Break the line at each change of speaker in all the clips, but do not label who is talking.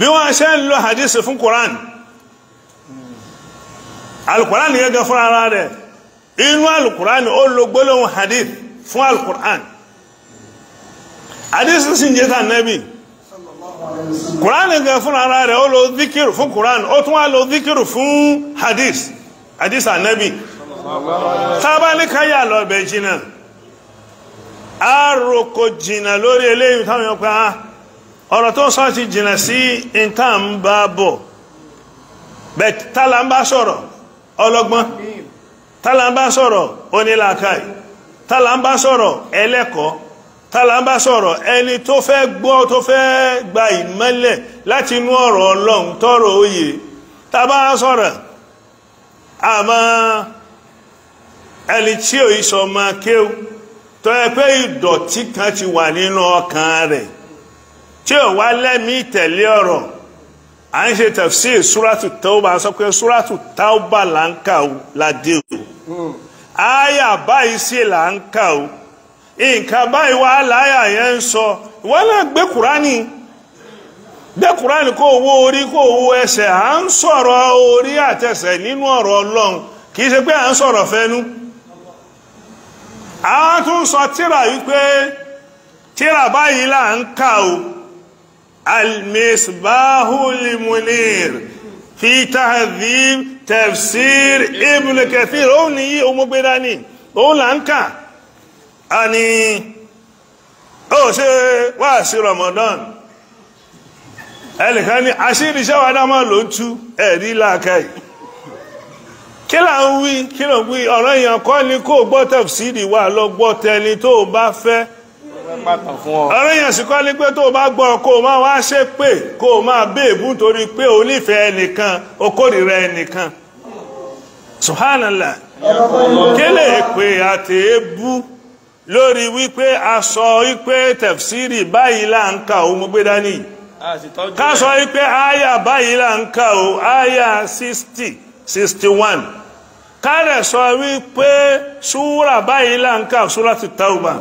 bí wọ́n ṣe ń lo hadith fún Quran alukuran yẹn gan fúnra ara rẹ̀ inú alukuran ó lo gbólóhùn hadith fún alukuran hadith sì ń jẹ́ tà nẹ́bí Quran gan fúnra ara rẹ̀ ó lo zikiru fún Quran ó tún wá lo zikiru fún hadith hadith ànẹ́bí tábáníkáyà lọ bẹ̀ jìnnà àròkò jìnnà lórí eléyìí táwọn yẹn pa ah, á ọ̀rọ̀ tó ń sọ ti jìnà sí nǹkan ń bá bọ̀ bẹ́ẹ̀ tálà ń bá sọ̀rọ̀ ọlọ́gbọ́n tálà ń bá sọ̀rọ̀ onílàákàyè tálà ń bá sọ̀rọ̀ ẹlẹ́kọ̀ọ́ tálà ń bá sọ̀rọ̀ ẹni tó fẹ́ gbọ́ tó fẹ́ gba ìmọ́lẹ̀ láti inú ọ̀rọ̀ ọlọ́run tọrọ òye tàbá sọ̀rọ̀ àmọ́ ẹni tí òyìnbó máa kéw tó yẹ pé ìdọ̀tí kan ti wà nínú ọkàn rẹ̀ tí ò wá lẹ́mí ìtẹ̀lé ọ̀rọ̀ à ń ṣe tafsir súrátù tauba sọ pé súrátù tauba là ń kà ó ládé o hmm. àyà báyìí sí là ń kà ó nǹkan báyìí wà láyà yẹn ń sọ ìwọ náà gbé kúránì gbé kúránì kó owó orí kó owó ẹsẹ̀ à ń sọ̀rọ̀ orí àtẹsẹ̀ nínú ọ̀rọ̀ ọlọ́run kì í ṣe pé à ń sọ̀rọ̀ fẹ́nu a tún sọ tíra wípé tíra báyìí là ń kà ó. المصباح المنير في تهذيب تفسير ابن كثير òun ni yìí ọmọ gbéra ni òun là ń kà á ní ó ṣe wá sí Ramadan ẹnìkan ní àṣírí iṣẹ́ wàá dámọ̀ ló ń tú ẹ̀rí làákàyè kí là ń wí kí ló ń wí ọ̀rọ̀ èèyàn kọ́ ni kó gbọ́ tẹ̀síìrì wà lọ gbọ́ tẹni tó bá fẹ́ ọ̀rẹ́ yẹn sì kọ́ pé tó bá gbọ́ kó máa wá ṣe pé kó o máa béèbù torí pé o nífẹ̀ẹ́ ẹnìkan o ẹnìkan subhanallah kí lè pè àti ebú lórí wípé a sọ wípé tẹ̀fsírì báyìí là ń kà ó mú gbé dání ká sọ wípé àyà báyìí là ń kà ó àyà 60 61 ká rẹ̀ sọ wípé súwúrà báyìí là ń kà ti Tawbah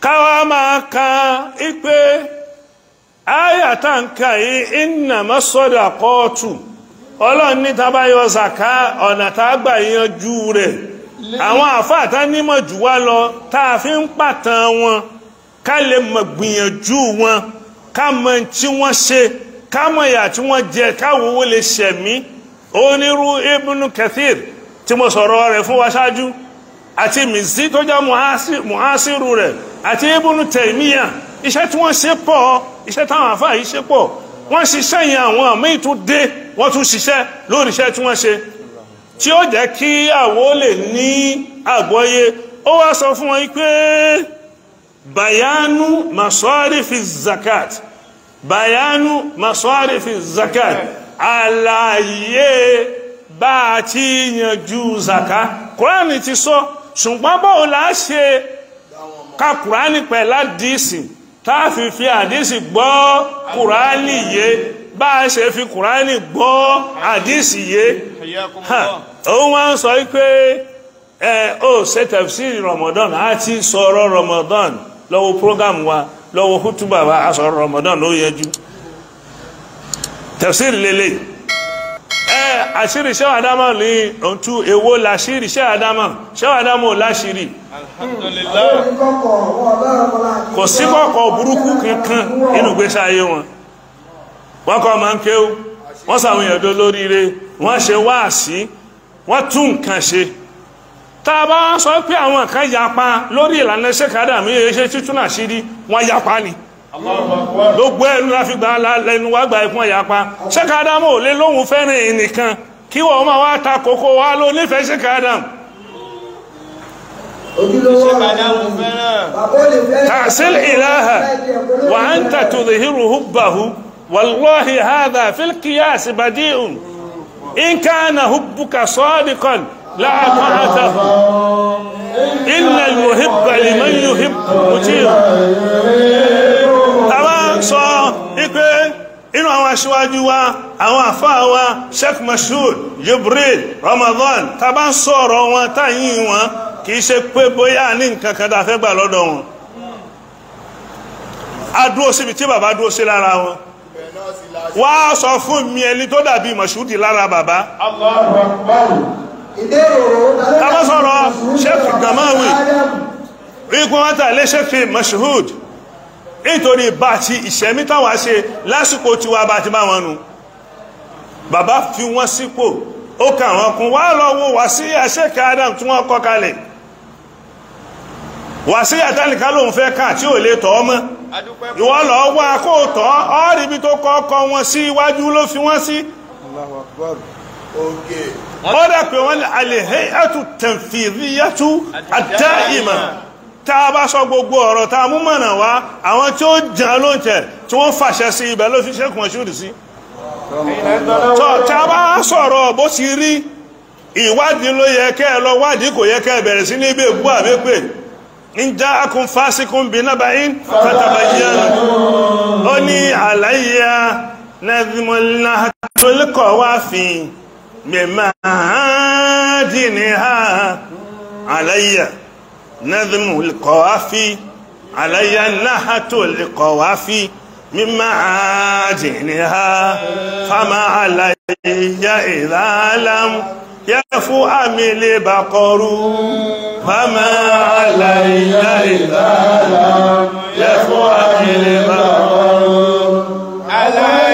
káwa máa kan ipe ayatanka yìí iná mọ́sọ́dà kọ́ọ̀tù ọlọ́run ní tábà zaka ọ̀nà tá a gbà yanjú rẹ̀ àwọn àfáà tá nímọ̀ jù wá lọ tá a fi ń pàtàn wọn ká lè mọ̀ gbìyànjú wọn ká mọ̀ tí wọ́n ṣe ká mọ̀ ìyà tí wọ́n jẹ káwòwò lè ṣẹ̀mí onírú Ibn Kathir tí mo sọ̀rọ̀ rẹ̀ fún wa ṣáájú àti mìsí tó jẹ́ muhasiru rẹ̀ àti ibùnú tẹ̀míyà iṣẹ́ tí wọ́n ṣe pọ̀ iṣẹ́ táwọn àfáà yìí ṣe pọ̀ wọ́n ṣiṣẹ́ yẹn àwọn míì tún dé wọ́n tún ṣiṣẹ́ lórí iṣẹ́ tí wọ́n ṣe tí ó jẹ́ kí àwo lè ní àgbọ́yé ó wá sọ fún wọn pé bayanu masarifi zakat bayanu masarifi zakat àlàyé bá a ti yanjú zaka kúránì ti sọ ṣùgbọ́n báwo la ṣe ká kùránì pẹ̀ ládìísì tá a fi fi àdìísì gbọ́ kùránì yé bá a ṣe fi kùránì gbọ́ àdìísì yé òun wá ń sọ pé ẹ ó ṣe tafsiri Ramadan a ti sọ̀rọ̀ Ramadan lọ́wọ́ program wa lọ́wọ́ hútùbà wa a sọ̀rọ̀ Ramadan ló yẹjú tafsiri lélẹ́yìí ẹ àṣírí ṣẹ́wà dámà ní ọ̀tún èwo làṣírí ṣẹ́wà dámà ṣẹ́wà dámà ò láṣírí kò sí kọ̀kọ̀ burúkú kankan inú gbésí ayé wọn wọ́n kọ́ máa ń kéwú wọ́n sàwọn èèyàn tó lóríire wọ́n ṣe wáàsí wọ́n tún nǹkan ṣe tá a bá sọ pé àwọn kan yapa lórí ìlànà ṣèkádà mi èyí ṣe títún àṣírí wọ́n yapa ni gbogbo ẹnu la fi gbà lẹnu wá gba ìfún ẹ̀yà pa ṣẹ́ka ádámù ò lé lóhun fẹ́ràn ẹnìkan kí wọ́n máa wá ta kókó wá ló nífẹ̀ẹ́ ṣẹ́ka ádámù تعسل إلها وأنت تظهر حبه والله هذا في القياس بديء إن كان حبك صادقا لأطعته إن المحب لمن يحب مطيع aṣíwájú wa àwọn àfáà wa sheikh mashood jibril ramadan tá a bá ń sọ̀rọ̀ wọn táyìn wọn kì í ṣe pé bóyá ní nǹkan kan dáa fẹ́ gbà lọ́dọ̀ wọn a dúró síbi tí bàbá dúró sí lára wọn wá sọ fún mi ẹni tó dàbí mashood lára bàbá. Allahu sọ̀rọ̀ sheikh gamawi rí pé wọ́n tà lé sheikh mashood nítorí bá ti ìṣẹ́mí táwọn ṣe lásìkò tí wá bá ti bá wọn nù bàbá fi wọ́n sípò ó kà wọ́n kún wá lọ wo wá sí àṣẹ́kà Adam tí wọ́n kọ́ kalẹ̀ wá sí àtàlìká lòun fẹ́ kà tí ò lè tọ́ mọ́ ìwọ lọ wá kó tó kọ́ kọ́ wọn sí iwájú ló fi wọ́n sí ó dà pé wọ́n alẹ́ hẹ́yàtú tẹ̀fìríyàtú àdáìmọ̀ tá a bá sọ gbogbo ọ̀rọ̀ tá a mú mọ̀nà wá àwọn tí ó jàn ló ń tẹ̀ tí wọ́n fàṣẹ sí ibẹ̀ ló fi ṣẹ́kùn ọ̀ṣúrì sí tá a bá sọ̀rọ̀ bó ti rí ìwádìí ló yẹ kẹ́ ẹ lọ wádìí kò yẹ kẹ́ ẹ bẹ̀rẹ̀ sí ní ibẹ̀ gbọ́ àbẹ́pẹ́ ń já akùn fásikún bí náà báyí fàtàbàyàn ó ní àlàyé nàzìmọ̀lẹ́kọ̀ wá fi mẹ́màá dì ní ha àlàyé نظم القوافي علي النهة القوافي من معاجنها فما علي إذا لم يفو أمل بقر فما علي إذا لم يفو أمل بقر علي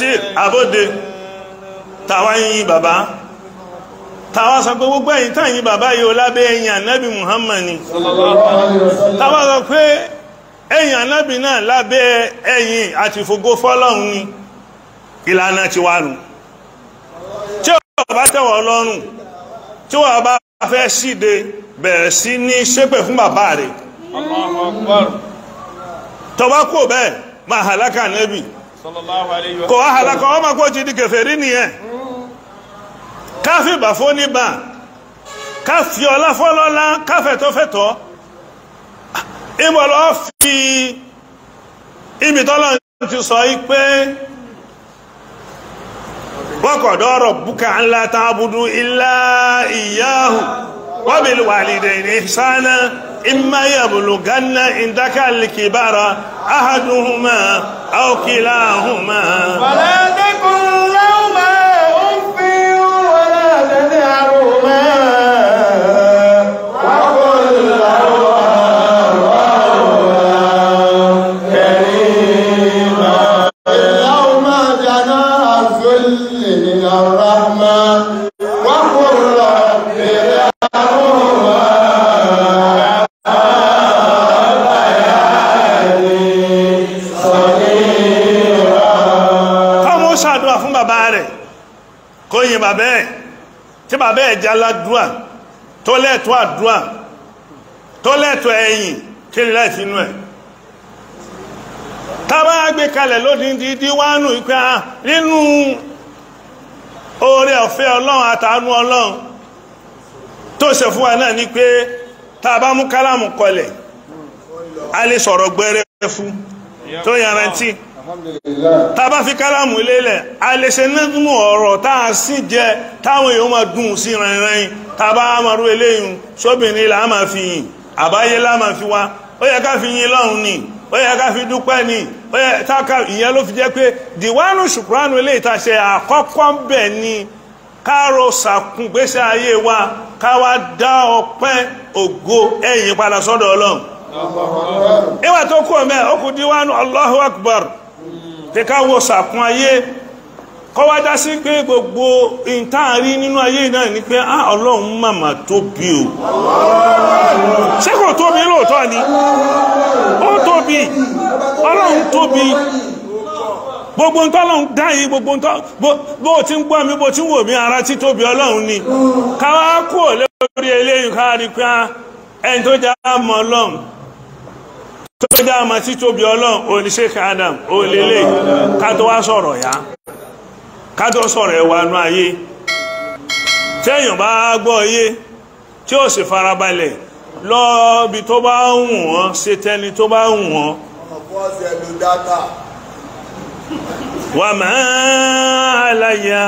sí àbóde tàwa ń bàbá tàwa gbogbo ẹ̀yin tàà ń bàbá yìí ó anabi Muhammad ni tàwa sọ pé ẹ̀yìn ànábì náà lábẹ́ ẹ̀yìn àti fògo fọ́lọ́run ni ìlànà ti wà nù tí ó bá tẹ̀wọ̀ ọlọ́run tí ó bá fẹ́ síde bẹ̀rẹ̀ sí ní fún bàbá rẹ̀ bẹ́ẹ̀ kò wá halakọ̀ ọmọ kó ti di kèfèrí nìyẹn káfí bàfó níbà káfí ọlá fọ́lọ́lá káfẹ̀tọ́fẹ̀tọ́ ìmọ̀lọ́ fi ìmìtọ́lọ́ ti sọ pé wọ́kọ̀dọ́rọ̀ búkà ńlá tàbùdú ilá ìyáhù wọ́bìlì wàlìdẹ̀ ìrìnsáná إما يبلغن عندك الكبار أحدهما أو كلاهما فلا تكن لهما أف ولا تنهرهما وقل كريما الذل
من الرحمة
bàbá ẹ̀ tí bàbá ẹ̀ já ládùúà tó lẹ́tọ̀ọ́ àdúà tó lẹ́tọ̀ọ́ ẹ̀yìn kí ni láì sínú ẹ̀ tábà gbé kalẹ̀ lódìndí wánú ìpẹ́ ah, nínú oore ọ̀fẹ́ ọlọ́run àtàánú ọlọ́run tó ṣe fún wa náà ni pé tá a bá mú kálámù kọlẹ̀ a lè sọ̀rọ̀ gbẹ́rẹ́ fún
tó yanrantí.
Yeah tàbá fi kálámù ilélẹ̀ àlèṣe nẹ́gbùmọ̀ ọ̀rọ̀ táà sí jẹ táwọn èèyàn máa dùn sí rìnrìn tàbá àmàrú eléyìn sóbìnrin là á máa fi yìn àbáyé là á máa fi wá ó yẹ ká fi yìn lọ́hùn ni ó yẹ ká fi dúpẹ́ ni ó yẹ ká ìyẹn ló fi jẹ́ pé dìwánù ṣùkúránù eléyìí tá a ṣe àkọ́kọ́ bẹ̀ ni káàró ṣàkùngbésẹ̀ ayé wa ká dá ọpẹ́ ògo ẹ̀yìn padà sọ́dọ̀ ọlọ́run ìwà tó kú ọmọ ẹ̀ ó kù díwánù Allahu Akbar Teka wo sàkún ayé kọ́ wá dá sí pé gbogbo ìtaàrí nínú ayé náà ni pé á ah, ọlọ́run màmá tóbi o ṣé kò tóbi lóòótọ́ ni ó tóbi ọlọ́run tóbi gbogbo ntọ́lọ́run dáyìí gbogbo ntọ́ bó ti ń gbọ́ mi bó ti ń wò mí ara tí tóbi ọlọ́run ni káwá kú ò lórí eléyìí ká rí pé ah, ẹni tó já mọ́ ọlọ́run tọ́jà àmà títóbi ọlọ́run oníṣẹ́ Adam olélẹ̀ kátó wá sọ̀rọ̀ yá kátó sọ̀rọ̀ ẹ̀wà nú ayé tẹ́yàn bá gbọ́ yé tí ó sì farabalẹ̀ lọ́ọ́bi tó bá ń wù wọ́n ṣe tẹ́ni tó bá ń wù wọ́n. ọ̀pọ̀ ọ̀sẹ̀ ló dáta. wà má àlàyé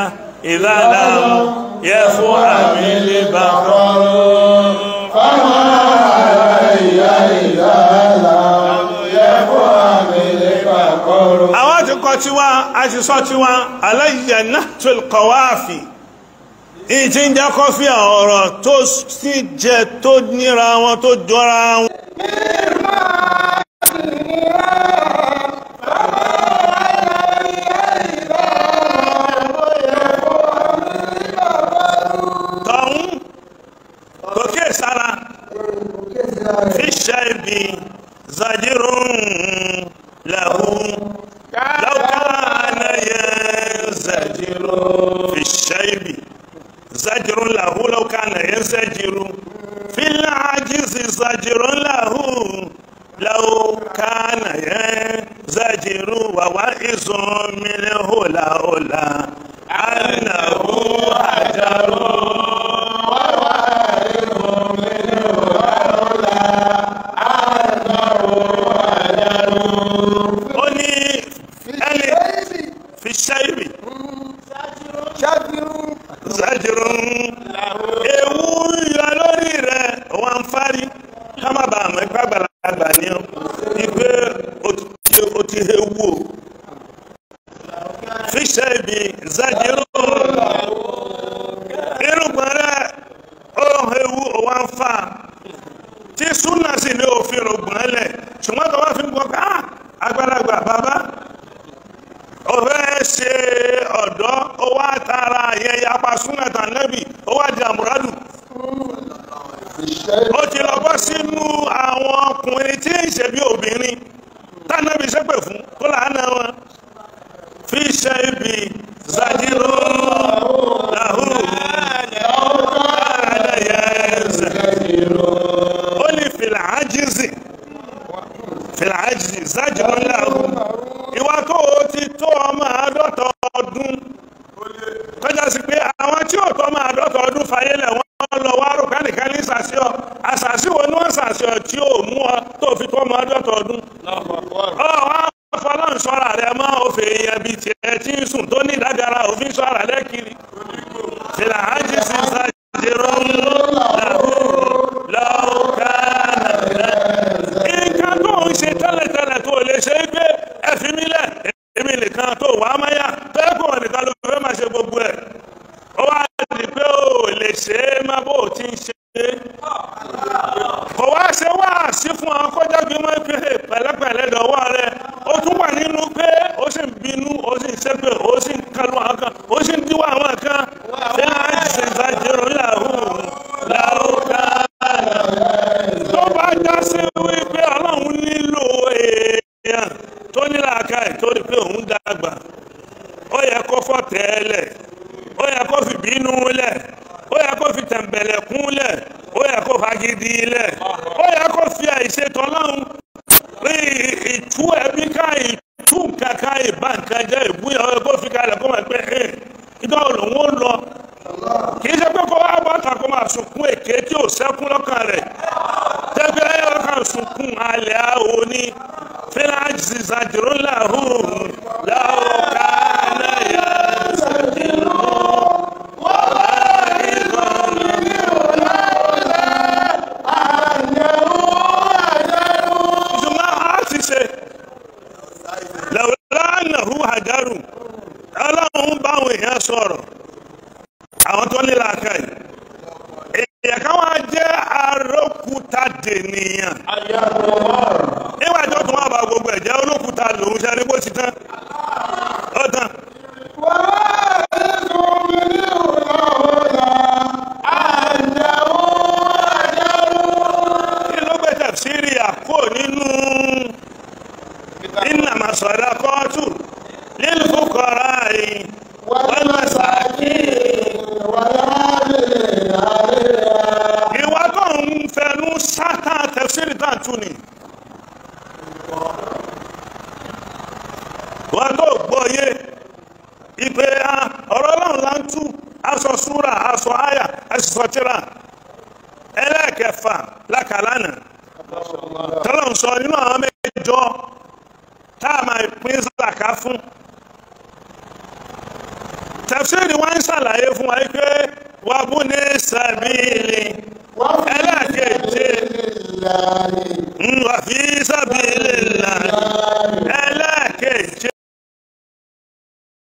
ìlànà yẹ fún àmì lè bàrọ̀ fáwọn. sọ tiwa a ti sọ tiwa aláyànà tó kọ̀wáàfì ìtí ń jẹ́ kọfí ọ̀rọ̀ tó sì jẹ tó níra wọn tó jọra wọn.
لو كان ينزجر وواعظ منه لولا أنه هجر وواعظ منه لولا أنه هجر قولي في الشيب شاكر زجر ewu yọ lórí لوري wọn fárí. Come on, bàa ó ti lọ bọ́ sínú àwọn ọkùnrin tí ń ṣe bí obìnrin tánàbí ṣépè fún kó làánà wọn fi ṣe ibi zàdírò làhù àdáyà zàdírò ó ní fìlàájìzì fìlàájìzì zàdírò làhù ìwà tó o ti tó ọmọ àádọ́ta. nìkan ní sàṣẹ ọ àṣàṣì wo ni wọ́n sàṣẹ ọ tí yóò mú ọ tó fi kọ́ ọmọ ọdọ́tọ̀ ọdún. ọ̀hún fọlọ́n sọ́ra rẹ mọ́ òfin èèyàn bíi tiẹ̀ tí ń sùn tó ní ìdágara òfin sọ́ra lẹ́kiri. ìlà ájí sí sàjẹrọ lọ́wọ́ lọ́wọ́ kánà. nǹkan tó ń ṣe tẹ́lẹ̀tẹ́lẹ̀ tó lè ṣe é gbé ẹ̀fínmílẹ̀ ti ń ṣe é kò wá ṣe wá sí fún ọ kọjá gbẹmọ pé pẹ̀lẹ́pẹ̀lẹ́ dọwọ́ rẹ ó tún wà nínú pé ó sì ń bínú ó sì ń ṣépè ó sì ń kanu àwọn kan ó sì ń díwọ́ àwọn kan ṣé à ń ṣe ìdájẹrò làwọn làwọn tó bá já sí wípé Ọlọ́run nílò èèyàn tó ní làákàyè tó pé òun dàgbà ó yẹ kó fọ́ tẹ́lẹ̀ ó yẹ kó fi bínú lẹ̀ ó yẹ kó fi tẹ̀m̀bẹ̀lẹ̀ kúnlẹ̀ ó yẹ kó fagidi lẹ̀ ó yẹ kó fi àìṣètò ọlọ́run Olha سورة آسو آية أشفتران